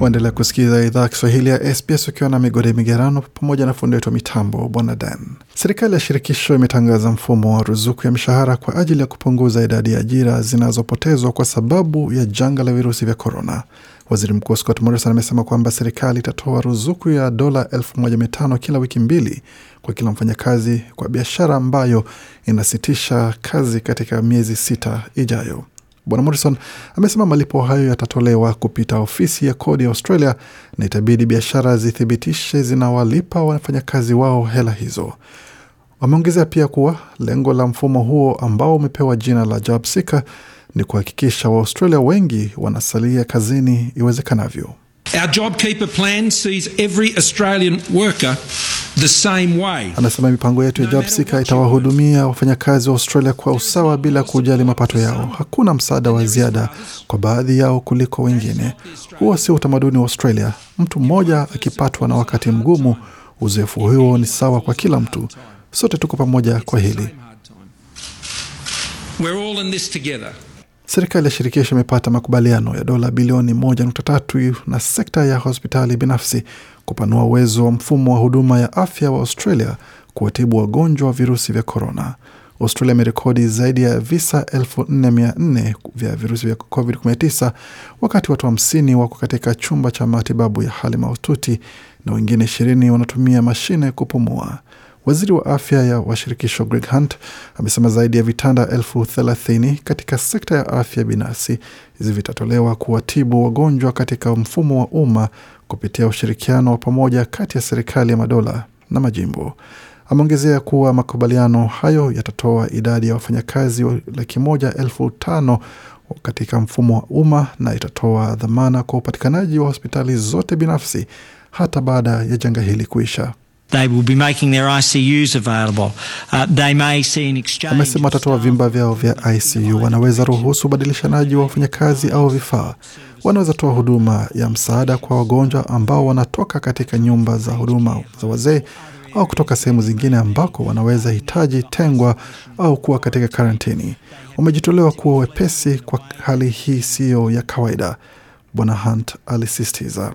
Waendelea kusikiliza idhaa ya Kiswahili ya SBS ukiwa na migode migerano pamoja na fundi wetu wa mitambo bwana Dan. Serikali ya shirikisho imetangaza mfumo wa ruzuku ya mishahara kwa ajili ya kupunguza idadi ya ajira zinazopotezwa kwa sababu ya janga la virusi vya korona. Waziri Mkuu Scott Morrison amesema kwamba serikali itatoa ruzuku ya dola 15 kila wiki mbili kwa kila mfanyakazi kwa biashara ambayo inasitisha kazi katika miezi sita ijayo. Bwana Morrison amesema malipo hayo yatatolewa kupita ofisi ya kodi ya Australia na itabidi biashara zithibitishe zinawalipa wafanyakazi wao hela hizo. Wameongezea pia kuwa lengo la mfumo huo ambao umepewa jina la Job Seeker ni kuhakikisha Waaustralia wengi wanasalia kazini iwezekanavyo. Our JobKeeper plan sees every Australian worker the same way. Anasema mipango yetu ya JobSeeker itawahudumia wafanyakazi wa Australia kwa usawa bila kujali mapato yao. Hakuna msaada wa ziada kwa baadhi yao kuliko wengine. Huo sio utamaduni wa Australia. Mtu mmoja akipatwa na wakati mgumu, uzoefu huo ni sawa kwa kila mtu. Sote tuko pamoja kwa hili. We're all in this together. Serikali ya shirikisho imepata makubaliano ya dola bilioni 1.3 na sekta ya hospitali binafsi kupanua uwezo wa mfumo wa huduma ya afya wa Australia kuwatibu wagonjwa wa virusi vya korona. Australia imerekodi zaidi ya visa 4400 vya virusi vya COVID-19 wakati watu 50 wako katika chumba cha matibabu ya hali mahututi na wengine 20 wanatumia mashine kupumua. Waziri wa afya ya washirikisho Greg Hunt amesema zaidi ya vitanda elfu thelathini katika sekta ya afya binafsi hizi vitatolewa kuwatibu wagonjwa katika mfumo wa umma kupitia ushirikiano wa pamoja kati ya serikali ya madola na majimbo. Ameongezea kuwa makubaliano hayo yatatoa idadi ya wafanyakazi laki moja elfu tano katika mfumo wa umma na itatoa dhamana kwa upatikanaji wa hospitali zote binafsi hata baada ya janga hili kuisha. Uh, Amesema watatoa vyumba vyao vya ICU. Wanaweza ruhusu ubadilishanaji wa wafanyakazi au vifaa. Wanaweza toa huduma ya msaada kwa wagonjwa ambao wanatoka katika nyumba za huduma za wazee au kutoka sehemu zingine ambako wanaweza hitaji tengwa au kuwa katika karantini. Wamejitolewa kuwa wepesi kwa hali hii siyo ya kawaida, Bwana Hunt alisisitiza.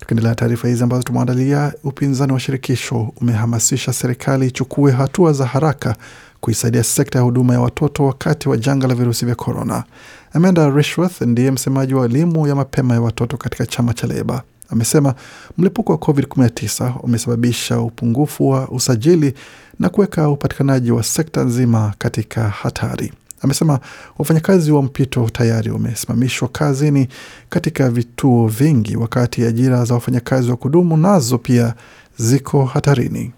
Tukiendelea taarifa hizi ambazo tumeandalia, upinzani wa shirikisho umehamasisha serikali ichukue hatua za haraka kuisaidia sekta ya huduma ya watoto wakati wa janga la virusi vya korona. Amanda Rishworth ndiye msemaji wa elimu ya mapema ya watoto katika chama cha Leba. Amesema mlipuko wa COVID-19 umesababisha upungufu wa usajili na kuweka upatikanaji wa sekta nzima katika hatari. Amesema wafanyakazi wa mpito tayari wamesimamishwa kazini katika vituo vingi, wakati ajira za wafanyakazi wa kudumu nazo pia ziko hatarini.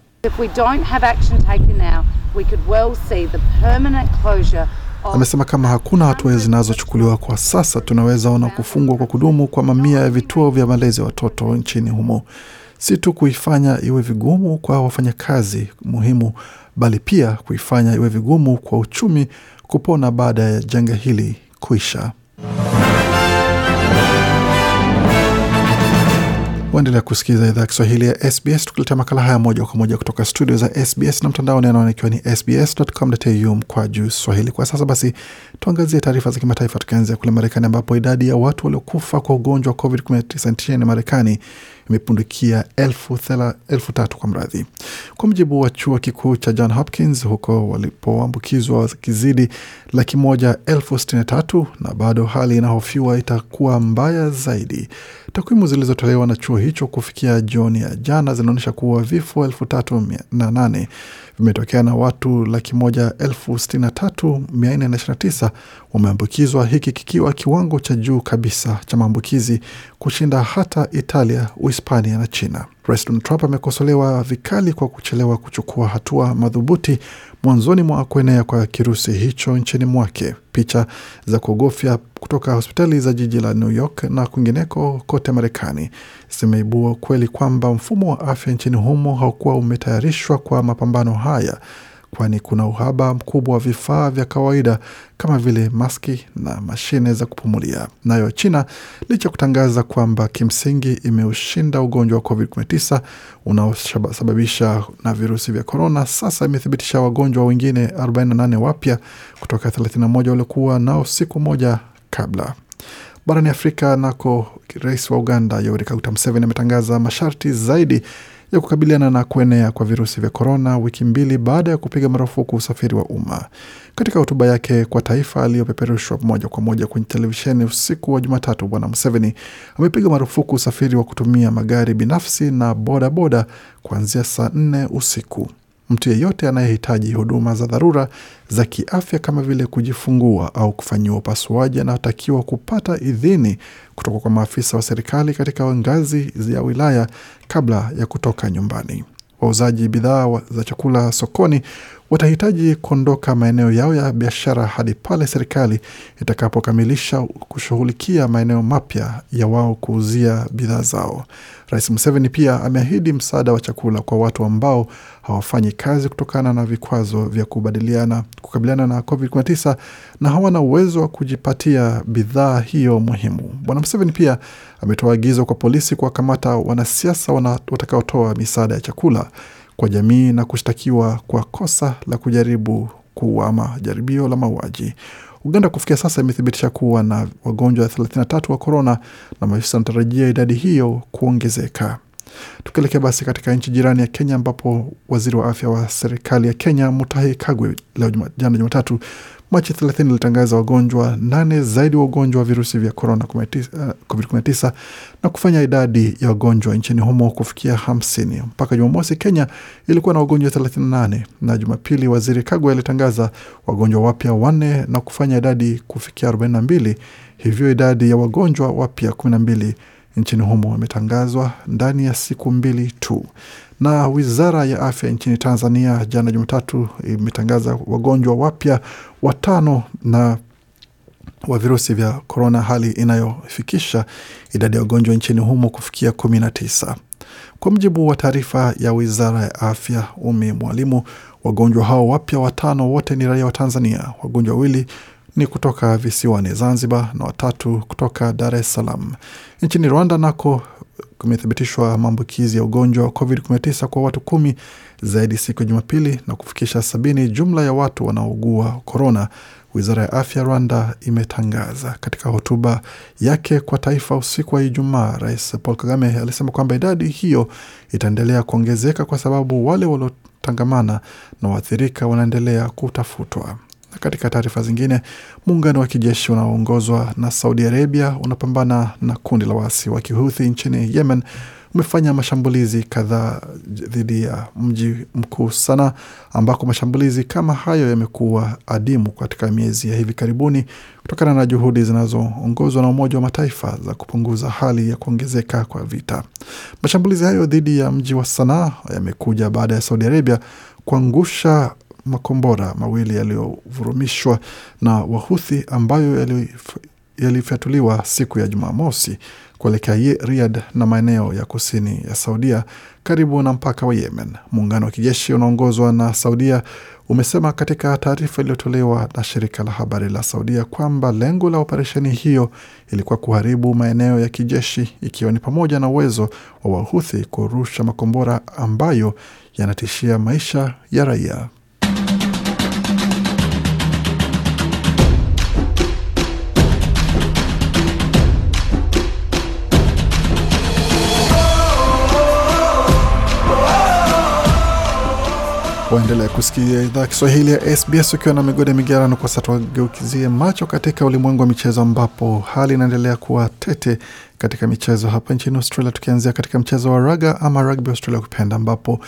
Amesema kama hakuna hatua zinazochukuliwa kwa sasa, tunaweza ona kufungwa kwa kudumu kwa mamia ya vituo vya malezi ya watoto nchini humo, si tu kuifanya iwe vigumu kwa wafanyakazi muhimu, bali pia kuifanya iwe vigumu kwa uchumi kupona baada ya janga hili kuisha. Waendelea kusikiliza idhaa ya Kiswahili ya SBS, tukiletea makala haya moja kwa moja kutoka studio za SBS na mtandaoni nanaona ikiwa ni sbs.com.au mkwa juu swahili. Kwa sasa basi, tuangazie taarifa za kimataifa, tukianzia kule Marekani ambapo idadi ya watu waliokufa kwa ugonjwa wa COVID-19 nchini Marekani imepundukia elfu, elfu tatu kwa mradhi, kwa mujibu wa chuo kikuu cha John Hopkins, huko walipoambukizwa kizidi laki moja elfu sitini na tatu na bado hali inahofiwa itakuwa mbaya zaidi. Takwimu zilizotolewa na chuo hicho kufikia jioni ya jana zinaonyesha kuwa vifo elfu tatu na nane vimetokea na watu laki moja elfu sitini na tatu mia nne na ishirini na tisa wameambukizwa, hiki kikiwa kiwango cha juu kabisa cha maambukizi kushinda hata Italia, Uhispania na China. Rais Donald Trump amekosolewa vikali kwa kuchelewa kuchukua hatua madhubuti mwanzoni mwa kuenea kwa kirusi hicho nchini mwake. Picha za kuogofya kutoka hospitali za jiji la New York na kwingineko kote Marekani zimeibua kweli kwamba mfumo wa afya nchini humo haukuwa umetayarishwa kwa mapambano haya kwani kuna uhaba mkubwa wa vifaa vya kawaida kama vile maski na mashine za kupumulia. Nayo China licha kutangaza kwamba kimsingi imeushinda ugonjwa wa COVID-19 unaosababisha na virusi vya korona, sasa imethibitisha wagonjwa wengine 48 wapya kutoka 31 waliokuwa nao siku moja kabla. Barani Afrika nako, rais wa Uganda Yoweri Kaguta Museveni ametangaza masharti zaidi ya kukabiliana na kuenea kwa virusi vya korona, wiki mbili baada ya kupiga marufuku usafiri wa umma. Katika hotuba yake kwa taifa aliyopeperushwa moja kwa moja kwenye televisheni usiku wa Jumatatu, Bwana Museveni amepiga marufuku usafiri wa kutumia magari binafsi na bodaboda kuanzia saa nne usiku. Mtu yeyote anayehitaji huduma za dharura za kiafya kama vile kujifungua au kufanyiwa upasuaji anatakiwa kupata idhini kutoka kwa maafisa wa serikali katika ngazi ya wilaya kabla ya kutoka nyumbani. Wauzaji bidhaa za chakula sokoni watahitaji kuondoka maeneo yao ya biashara hadi pale serikali itakapokamilisha kushughulikia maeneo mapya ya wao kuuzia bidhaa zao. Rais Museveni pia ameahidi msaada wa chakula kwa watu ambao hawafanyi kazi kutokana na vikwazo vya kubadiliana kukabiliana na COVID-19 na hawana uwezo wa kujipatia bidhaa hiyo muhimu. Bwana Museveni pia ametoa agizo kwa polisi kuwakamata wanasiasa watakaotoa misaada ya chakula kwa jamii na kushtakiwa kwa kosa la kujaribu kuama jaribio la mauaji. Uganda kufikia sasa imethibitisha kuwa na wagonjwa 33 wa korona na maafisa wanatarajia idadi hiyo kuongezeka. Tukielekea basi katika nchi jirani ya Kenya, ambapo waziri wa afya wa serikali ya Kenya Mutahi Kagwe leo jana Jumatatu Machi 30 ilitangaza wagonjwa nane zaidi wa ugonjwa wa virusi vya korona uh, COVID-19 na kufanya idadi ya wagonjwa nchini humo kufikia 50. Mpaka Jumamosi, Kenya ilikuwa na wagonjwa 38, na Jumapili waziri Kagwe alitangaza wagonjwa wapya wanne na kufanya idadi kufikia 42, hivyo idadi ya wagonjwa wapya 12 nchini humo imetangazwa ndani ya siku mbili tu. Na wizara ya afya nchini Tanzania jana Jumatatu imetangaza wagonjwa wapya watano na wa virusi vya korona, hali inayofikisha idadi ya wagonjwa nchini humo kufikia kumi na tisa. Kwa mujibu wa taarifa ya wizara ya afya Umi Mwalimu, wagonjwa hao wapya watano wote ni raia wa Tanzania. Wagonjwa wawili ni kutoka visiwani Zanzibar na watatu kutoka Dar es Salaam. Nchini Rwanda nako kumethibitishwa maambukizi ya ugonjwa wa COVID-19 kwa watu kumi zaidi siku ya Jumapili na kufikisha sabini jumla ya watu wanaougua korona, wizara ya afya Rwanda imetangaza. Katika hotuba yake kwa taifa usiku wa Ijumaa, Rais Paul Kagame alisema kwamba idadi hiyo itaendelea kuongezeka kwa sababu wale waliotangamana na waathirika wanaendelea kutafutwa. Katika taarifa zingine, muungano wa kijeshi unaoongozwa na Saudi Arabia unapambana na kundi la waasi wa kihuthi nchini Yemen umefanya mashambulizi kadhaa dhidi ya mji mkuu Sana, ambako mashambulizi kama hayo yamekuwa adimu katika miezi ya hivi karibuni kutokana na juhudi zinazoongozwa na Umoja wa Mataifa za kupunguza hali ya kuongezeka kwa vita. Mashambulizi hayo dhidi ya mji wa Sanaa yamekuja baada ya Saudi Arabia kuangusha makombora mawili yaliyovurumishwa na Wahuthi ambayo yalifyatuliwa siku ya Jumamosi kuelekea riad na maeneo ya kusini ya Saudia karibu na mpaka wa Yemen. Muungano wa kijeshi unaongozwa na Saudia umesema katika taarifa iliyotolewa na shirika la habari la Saudia kwamba lengo la operesheni hiyo ilikuwa kuharibu maeneo ya kijeshi, ikiwa ni pamoja na uwezo wa Wahuthi kurusha makombora ambayo yanatishia maisha ya raia. Waendelea kusikia idhaa ya Kiswahili ya SBS ukiwa na migode migerano. Kwa sasa tuwageukizie macho katika ulimwengu wa michezo, ambapo hali inaendelea kuwa tete katika michezo hapa nchini Australia, tukianzia katika mchezo wa raga ama rugby Australia kupenda, ambapo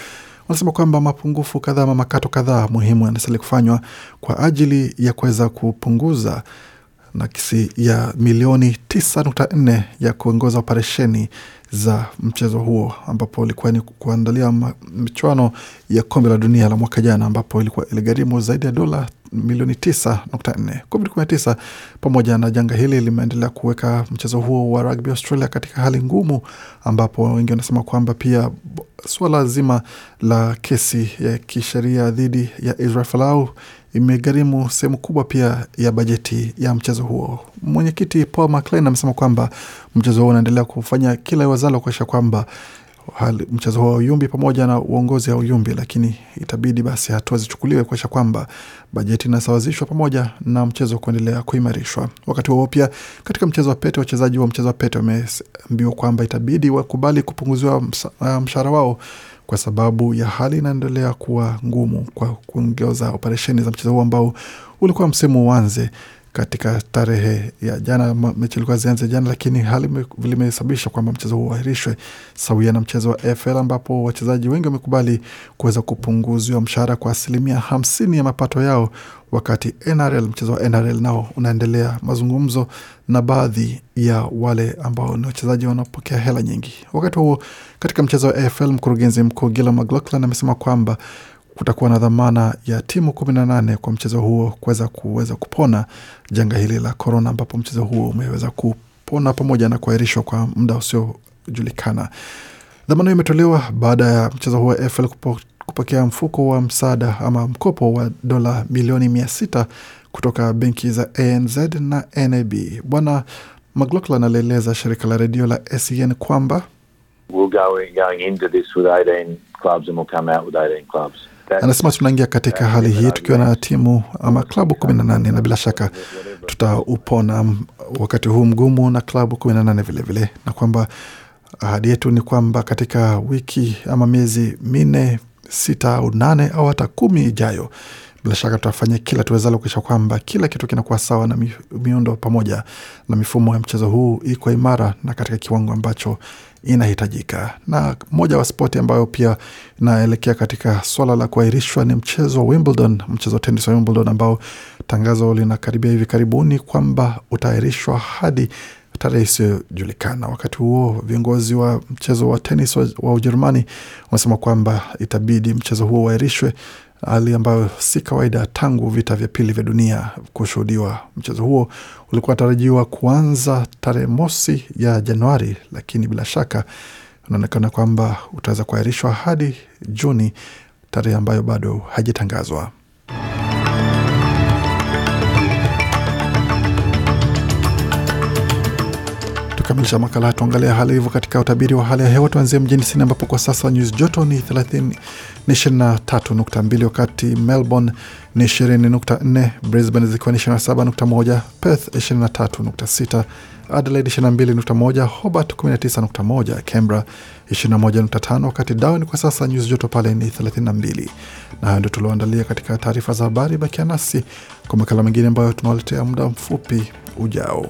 wanasema kwamba mapungufu kadhaa ama makato kadhaa muhimu yanastahili kufanywa kwa ajili ya kuweza kupunguza nakisi ya milioni 9.4 ya kuongoza operesheni za mchezo huo, ambapo ilikuwa ni kuandalia michuano ya kombe la dunia la mwaka jana, ambapo ilikuwa iligharimu zaidi ya dola milioni 9.4. COVID-19 pamoja na janga hili limeendelea kuweka mchezo huo wa rugby Australia katika hali ngumu, ambapo wengi wanasema kwamba pia suala zima la kesi ya kisheria dhidi ya Israel Folau imegharimu sehemu kubwa pia ya bajeti ya mchezo huo. Mwenyekiti Paul McLean amesema kwamba mchezo huo unaendelea kufanya kila iwezalo kuakisha kwamba hali, mchezo huo wa Uyumbi pamoja na uongozi wa Uyumbi, lakini itabidi basi hatua zichukuliwe kuakisha kwamba bajeti inasawazishwa pamoja na mchezo kuendelea kuimarishwa. Wakati huo pia, katika mchezo wa pete, wachezaji wa mchezo wa pete wameambiwa kwamba itabidi wakubali kupunguziwa mshahara wao kwa sababu ya hali inaendelea kuwa ngumu kwa kuongeza operesheni za mchezo huu ambao ulikuwa msimu uanze katika tarehe ya jana. Mechi ilikuwa zianze jana, lakini hali limesababisha kwamba mchezo huu uahirishwe sawia na mchezo wa AFL ambapo wachezaji wengi wamekubali kuweza kupunguzwa mshahara kwa asilimia hamsini ya mapato yao, wakati NRL, mchezo wa NRL nao unaendelea mazungumzo na baadhi ya wale ambao ni wachezaji wanaopokea hela nyingi. Wakati huo katika mchezo wa AFL, mkurugenzi mkuu Gillon McLachlan amesema kwamba kutakuwa na dhamana ya timu 18 kwa mchezo huo kuweza kuweza kupona janga hili la korona, ambapo mchezo huo umeweza kupona pamoja na kuahirishwa kwa muda usiojulikana. Dhamana hiyo imetolewa baada ya mchezo huo wa kupokea mfuko wa msaada ama mkopo wa dola milioni mia sita kutoka benki za ANZ na NAB. Bwana McLaughlin alieleza shirika la redio la SEN kwamba we'll go, going into this with 18 clubs and we'll come out with 18 clubs. Anasema tunaingia katika hali hii tukiwa na timu ama klabu kumi na nane na bila shaka tutaupona wakati huu mgumu na klabu kumi na nane vilevile, na kwamba ahadi yetu ni kwamba katika wiki ama miezi minne, sita au nane au hata kumi ijayo bila shaka tutafanya kila tuwezalo kuisha kwamba kila kitu kinakuwa sawa na miundo pamoja na mifumo ya mchezo huu iko imara na katika kiwango ambacho inahitajika. Na moja wa spoti ambayo pia inaelekea katika swala la kuahirishwa ni mchezo wa Wimbledon, mchezo wa tenis wa Wimbledon ambao tangazo linakaribia hivi karibuni kwamba utaahirishwa hadi tarehe isiyojulikana. Wakati huo viongozi wa mchezo wa tenis wa, wa Ujerumani wanasema kwamba itabidi mchezo huo uahirishwe, hali ambayo si kawaida tangu vita vya pili vya dunia kushuhudiwa. Mchezo huo ulikuwa natarajiwa kuanza tarehe mosi ya Januari, lakini bila shaka unaonekana kwamba utaweza kuahirishwa hadi Juni, tarehe ambayo bado hajatangazwa. Kukamilisha makala ya tuangalia hali hivyo katika utabiri wa hali ya hewa, tuanzie mjini Sydney ambapo kwa sasa nyuzi joto ni 23.2, wakati Melbourne ni 20.4, Brisbane zikiwa ni 27.1, Perth 23.6, Adelaide 22.1, Hobart 19.1, Canberra 21.5, wakati Darwin kwa sasa nyuzi joto pale ni 32. Na hayo ndio tulioandalia katika taarifa za habari. Bakia nasi kwa makala mengine ambayo tunawaletea muda mfupi ujao.